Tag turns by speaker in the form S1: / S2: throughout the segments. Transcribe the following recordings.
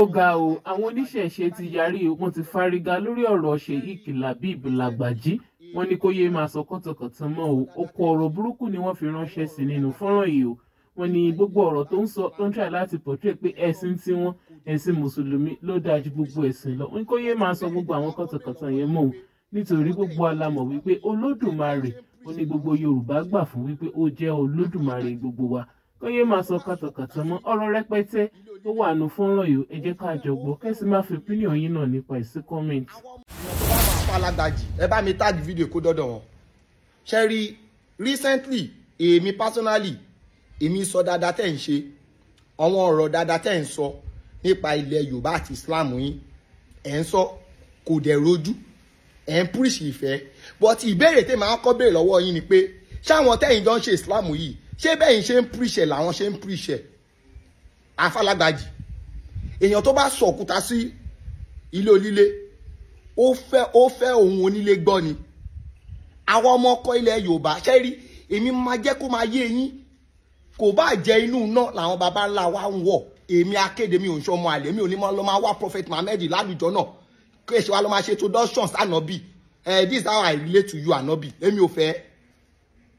S1: ó ga o àwọn oníṣẹ̀ṣe ti yarí wọn ti fárígá lórí ọ̀rọ̀ Sheikh Labeeb Lagbaji wọ́n ní kó yéé máa sọ kọ́tọ̀kọ̀tàn mọ́ o ọkọ̀ ọ̀rọ̀ burúkú ni wọ́n fi ránṣẹ́ sí nínú fọ́nrán yìí o wọ́n ní gbogbo ọ̀rọ̀ tó ń sọ tó ń try láti portray pé ẹ̀sìn tiwọn ẹ̀sìn mùsùlùmí ló dáa ju gbogbo ẹ̀sìn lọ wọ́n kó yéé máa sọ gbogbo àwọn kọ́tọ̀kọ̀tàn yẹn mọ́ o nítorí gbogbo alamọ̀ wípé olódùmarè ó ní gbogbo Yorùbá gbà fún wípé ó jẹ́ olódùmarè gbogbo wa kó yéé máa sọ kọ́tọ̀kọ̀tàn mọ́ ọ̀rọ̀ rẹpẹtẹ tó wà nù fọ́nrán yìí ẹ jẹ́ ká jọ gbọ́ kẹ́sì máa fi opinion yín náà nípa ẹ̀ sí comment. alágbàjì ẹ bá mi tag fídíò kó dọ́dọ̀ wọn ṣe rí recently èmi personally èmi sọ dáadáa tẹ̀ ń ṣe àwọn ọ̀rọ̀ dáadáa tẹ̀ ń sọ nípa ilẹ̀ Yorùbá àti Islam yín ẹ̀ ń sọ kò dẹ̀ rojú ẹ̀ ń púrìṣì ìfẹ́ but ìbéèrè tèmi á kọ́ béèrè lọ́wọ́ yín ni pé ṣáwọn tẹ̀yìn jọ ń ṣe Islam yìí ṣé bẹ́yìn ṣe ń púrìṣẹ̀ làwọn ṣe ń púrìṣẹ̀ afálágbájì èèyàn tó bá sọ òkúta sí ilé onílé ó fẹ́ ó fẹ́ ohun onílé gbọ́ ni àwọn ọmọ ọkọ ilẹ̀ Yorùbá ṣe rí èmi máa jẹ́ kó máa yé yín kò bá jẹ́ inú iná làwọn baba ńlá wa ń wọ̀ èmi akéde mi ò ń sọmọ àlè mi ò ní mọ lọ máa wá prophet Muhammed lálùjọ náà kí èsì wa lọ máa ṣe introductions ànábì eh, this is how I relate to you ànábì èmi ò fẹ́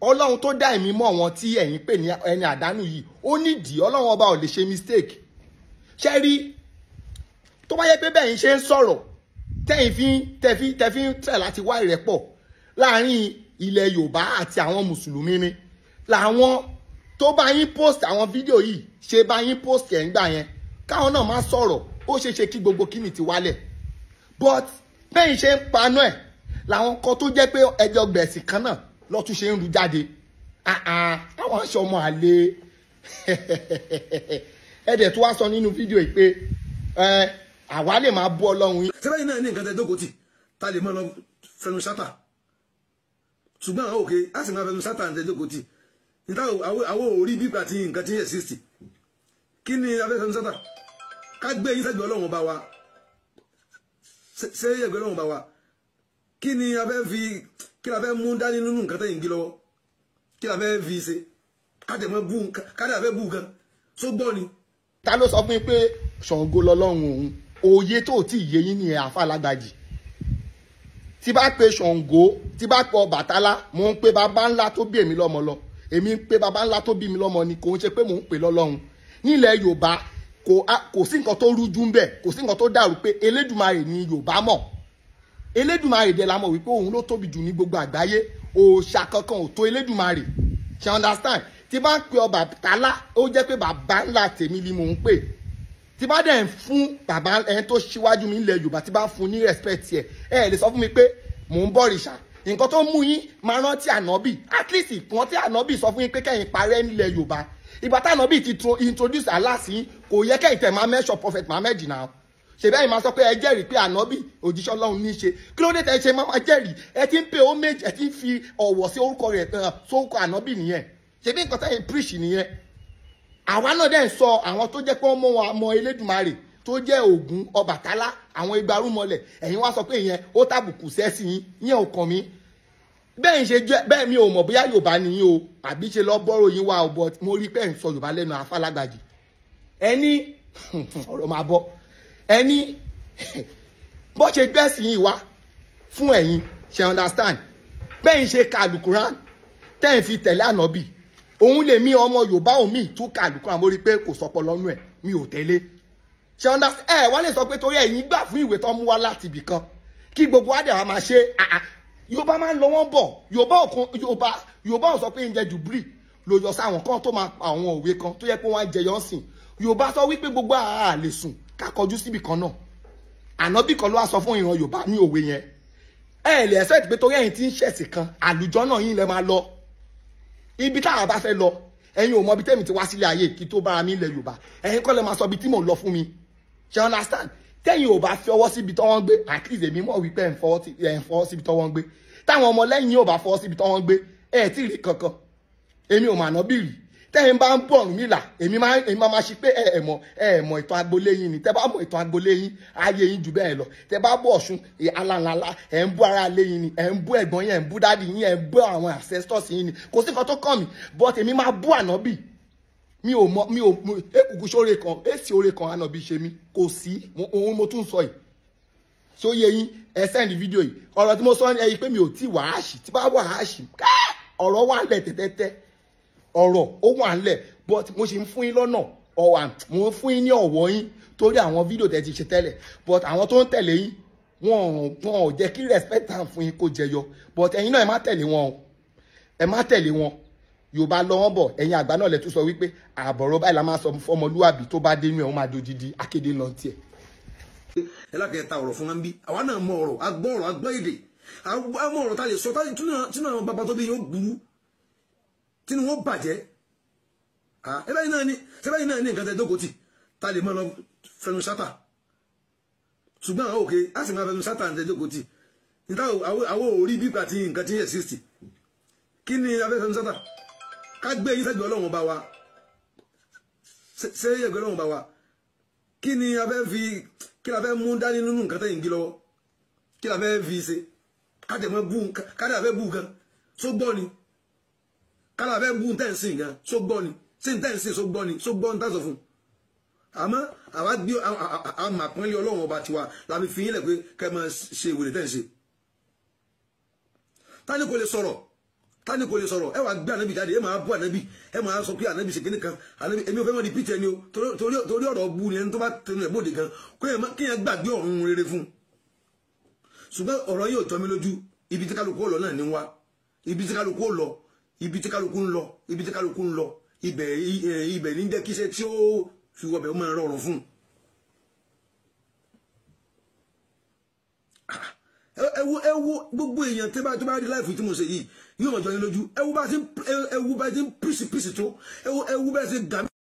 S1: ọlọ́run tó dá ẹ̀mí mọ́ wọn tí ẹ̀yin pè ní ẹni àdánù yìí ó nídìí ọlọ́run ọba ò lè ṣe mistake ṣe rí tó bá yẹ pé bẹ́ẹ̀ ń ṣe ń sọ̀rọ̀ tẹ́yìn fi tẹ́fi tẹ́fi ń tẹ̀ láti wá ìrẹ́pọ̀ láàrin ilẹ̀ yorùbá àti àwọn mùsùlùmí ni làwọn tó bá yín post àwọn fídíò yìí ṣe bá yín post ẹ̀ ń gbà yẹn káwọn náà má sọ̀rọ̀ ó ṣeé ṣe kí gbogbo kíni ti wálẹ̀ but bẹ́ẹ̀ ń ṣe ń paná ẹ̀ làwọn kan tó jẹ́ pé ẹjọ́ gbẹ̀sìn kan náà lọ́tún ṣe ń ru jáde àwọn aṣọ ọmọ àlè ẹ̀dẹ̀ tó wá sọ nínú fídíò yìí pé
S2: àwa lè máa bú ọlọ́run. sẹ́fẹ̀yìn náà ní nǹkan tẹ́ dókòtì ta lè máa lọ fẹnu sátà ṣùgbọ́n àwọn òkè á sì máa fẹnu sátà ní tẹ́ dókòtì níta àwọn òórí bí pàtí nǹkan tí ń yẹ sixty kí ni a fẹ́ fẹnu sátà ká gbé yín sẹ́gbẹ̀ẹ́ ọlọ́run ọba wa ṣé yẹ̀gbẹ́ ọlọ́run ọba wa kí ni a fẹ́ fi kí la fẹ́ mú dání nínú nǹkan tẹ́yìn gí lọ́wọ́ kí la fẹ́ fi ṣe kádẹ̀mọ́ bú nǹkan kádẹ̀ bú nǹkan tó gbọ́ ni. ta ló sọ fún yín pé Ṣàngó
S1: lọ́lọ́run òun òye tó ti yé yín ni àfa dadi. tí bá pe Ṣàngó tí bá pe Ọbàtálá mò ń pe bàbá ńlá tó bí èmi lọ́mọ lọ èmi ń pe bàbá ńlá tó bí mi lọ́mọ ni kò ń ṣe pé mò ń pè lọ́lọ́run nílẹ̀ Yorùbá kò sí nǹkan tó rújú ń bẹ̀ kò sí nǹkan tó dàrú pé Elédùmarè ni Yoba mọ̀ elédùnmarè dẹ̀ la mọ̀ wípé òun ló tóbi jù ní gbogbo àgbáyé òòṣà kankan ò tó elédùnmarè ṣe understand tí bá ń pe ọba tálá ó jẹ́ pé bàbá ńlá tèmi ni mò ń pè tí bá dẹ̀ ń fún bàbá ẹni tó ṣíwájú mi nílẹ̀ yorùbá tí bá fún ní respect yẹ ẹ ẹ lè sọ fún mi pé mò ń bọ̀ rìṣà nǹkan tó mú yín máa rántí ànábì at least ìkan tí ànábì sọ fún yín pé kẹ́yìn parẹ́ nílẹ̀ yorùbá ìgbà tí ànábì ti introduce Allah sí kò yẹ kẹ́yìn tẹ̀ máa mẹ́ṣọ̀ prophet Muhammad náà ṣèbí ẹ̀yin máa sọ pé ẹ jẹ́rìí pé ànábì òjíṣẹ́ ọlọ́run ní í ṣe kí ló dé tẹ́ ṣe máa jẹ́rìí ẹ ti ń pe homage ẹ ti ń fi ọ̀wọ̀ sí orúkọ rẹ̀ sórúkọ ànábì nìyẹn ṣèbí nǹkan tẹ́yìn preach nìyẹn àwa náà dẹ̀ ń sọ àwọn tó jẹ́ pé wọ́n mọ̀ wọn àmọ́ elédùnmarè tó jẹ́ ògún ọbàtálá àwọn igbarúmọlẹ̀ ẹ̀yin wá sọ pé ìyẹn ó tàbùkù sẹ́sìn yín yẹn ò mi o àbí ṣe lọ bọ́rọ̀ yín wa ò bọ̀ mo rí pé ń sọ yorùbá lẹ́nu afálágbàjì ẹni bó ṣe gbẹ̀sìn yìí wá fún ẹ̀yin ṣe understand bẹ́ẹ̀ ń ṣe kàlùkùrán tẹ́ ń fi tẹ̀lé ànábì òun lè mí ọmọ yorùbá òun míì tún kàlùkùrán mo rí i pé kò sọpọ̀ lọ́nú ẹ̀ mi ò tẹ̀lé ṣe understand ẹ̀ wá lè sọ pé torí ẹ̀yin gbà fún ìwé tó mú wá láti ibì kan kí gbogbo adé wa máa ṣe yorùbá máa ń lọ wọ́n bọ̀ yorùbá òkun yorùbá yorùbá ò sọ pé ń jẹ jùbírì ló yọ sí àwọn kan tó máa pa àwọn òwe kan tó yẹ pé wọ́n á jẹyọ sìn yorùbá sọ wípé gbogbo àà lè sùn ká kọjú síbì kan náà ànábì kan ló wá sọ fún ìran yorùbá ní òwe yẹn ẹ lè expect pé torí ẹ̀yin tí ń ṣẹ̀sìn kan àlùjọ náà yín lẹ máa lọ ibi táwọn bá fẹ́ lọ ẹ̀yin ò mọ ibi tẹ́mi ti wá sílé ayé kí tó bá mi ilẹ̀ yorùbá ẹ̀yin kọ́ lẹ máa sọ ibi tí mò ń lọ fún mi ṣe understand tẹ́yin ò bá fi ọwọ́ síbi tọ́wọ́ ń gbé at least èmi mọ̀ wípé ẹ̀ ń fọwọ́ síbi tọ́wọ́ ń gbé táwọn ọmọ lẹ́yìn ò bá fọwọ́ síbi tọ́wọ́ ń gbé ẹ̀ tí ì rí kankan èmi ò mà ná bìrì tẹ́yìn bá ń bọ̀ Ọ̀rúnmìlà èmi máa èmi máa ma ṣe pé ẹ mọ̀ ẹ mọ̀ ìtàn agboolé yín ni tẹ́ bá mọ̀ ìtàn agboolé yín ayé yín jù bẹ́ẹ̀ lọ tẹ́ bá bọ̀ Ọ̀ṣun alalala ẹ̀ ń bú ara lé yín ni ẹ̀ ń bú ẹ̀gbọ́n yín ẹ̀ ń bú dáàdì yín ẹ̀ ń bú àwọn ancestors yín ni kò sí nǹkan tó kàn mí but èmi máa bú ànábì mi ò mọ mi ò mọ èkùkùsọ e, oore kan èsì oore kan ànábì ṣe mi kò sí òun mo tún sọ yìí ṣó yẹ yín ẹ sẹ́ndì fídíò yìí ọ̀rọ̀ tí mo sọ ẹ yìí pé mi ò tí wàá ṣì tí bá wàá ṣì ọ̀rọ̀ wà lẹ̀ tẹ́tẹ́tẹ́ ọ̀rọ̀ ó wà ńlẹ̀ but mo ṣe ń fún yín lọ́nà ọ̀wà mo ń fún yín ní ọ̀wọ́ yín torí àwọn fídíò tẹ́ ti ṣe tẹ́lẹ̀ but àwọn tó ń tẹ̀lé yín wọn wọn ò jẹ́ kí respect am fún yín kó jẹyọ but ẹ̀yin náà ẹ má tẹ̀lé wọn o ẹ má tẹ̀lé wọn yorùbá lọ́wọ́ bọ̀ ẹ̀yin àgbà náà lẹ tún sọ wípé àbọ̀rọ̀ báyìí la máa sọ fọmọlúwàbí tó bá dé inú ẹ̀ wọ́n máa dojidi akéde lọ tiẹ̀.
S2: ẹ lákẹ́ta ọ̀rọ̀ fún wa ń bí àwa náà mọ ọ̀rọ̀ agbọ́ ọ̀rọ̀ agbọ́ èdè àwọn ọ̀rọ̀ ta lè sọ tínú àwọn bàbá tó bí yóò gbúrú tí ni wọ́n bàjẹ́ ah, ẹbẹ́ yìí náà ni ẹbẹ́ yìí náà ni nǹkan tẹ́ dókòtì ta lè mọ́ lọ fẹnu sátà ṣùgbọ́n àwọn òkè á sì máa fẹnu sátà tẹ́ dókòtì níta àwọn òórí bí pàtí nǹkan tí ń exist kí ni a fẹ́ fẹnu sátà ká gbé yìí sẹ́gbẹ̀ẹ́ ọlọ́run bá wa ṣé ẹgbẹ́ ọlọ́run bá wa kí ni a fẹ́ fi kí la fẹ́ mú dání nínú nǹkan tẹ́yìn gí lọ́wọ́ kí la fẹ́ fi ṣe ká tẹ̀ mọ́ bú ká tẹ̀ fẹ́ bú gan só ni kálá fẹ́ bú tẹ́ ń sìn gan só gbọ́ ni sí tẹ́ ń sìn só gbọ́ ni só gbọ́ ní tàṣọ fún àmọ́ àwa gbé àmà pọ́nlé ọlọ́run ọba tiwa làbí fi yín lẹ̀ pé kẹ́ máa ṣe ìwòlè tẹ́ ń ṣe tani kò lè sọ̀rọ̀ tani kò lè sọ̀rọ̀ ẹ wàá gbé ànábì jáde ẹ máa bú ànábì ẹ máa sọ pé ànábì ṣe kíní kan ànábì èmi ò fẹ́ mọ́ di pìtẹ́ ni o torí ọ̀rọ̀ bu ni ẹni tó bá tẹnu ẹ̀ bóde gan kí yẹn gbàgbé ọ̀run rere fún un ṣùgbọ́n ọ̀rọ̀ yóò tọ́ mi lójú ibi tí kálukú ó lọ náà ni wá ibi tí kálukú ó lọ ibi tí kálukú ń lọ ibi tí kálukú ń lọ ibẹ̀ ibẹ̀ ní jẹ́ kíṣẹ́ tí ó fi wọbẹ̀ ó máa rọrùn fún un. ẹ wo ẹ wo gbogbo èèyàn tó bá tó bá rí láìfù tí mo ṣe yìí yóò mọ̀ jọ ní lójú ẹ wo bá ti ń písìpísì tó ẹ wo ẹ wo bá ti ń dàmí.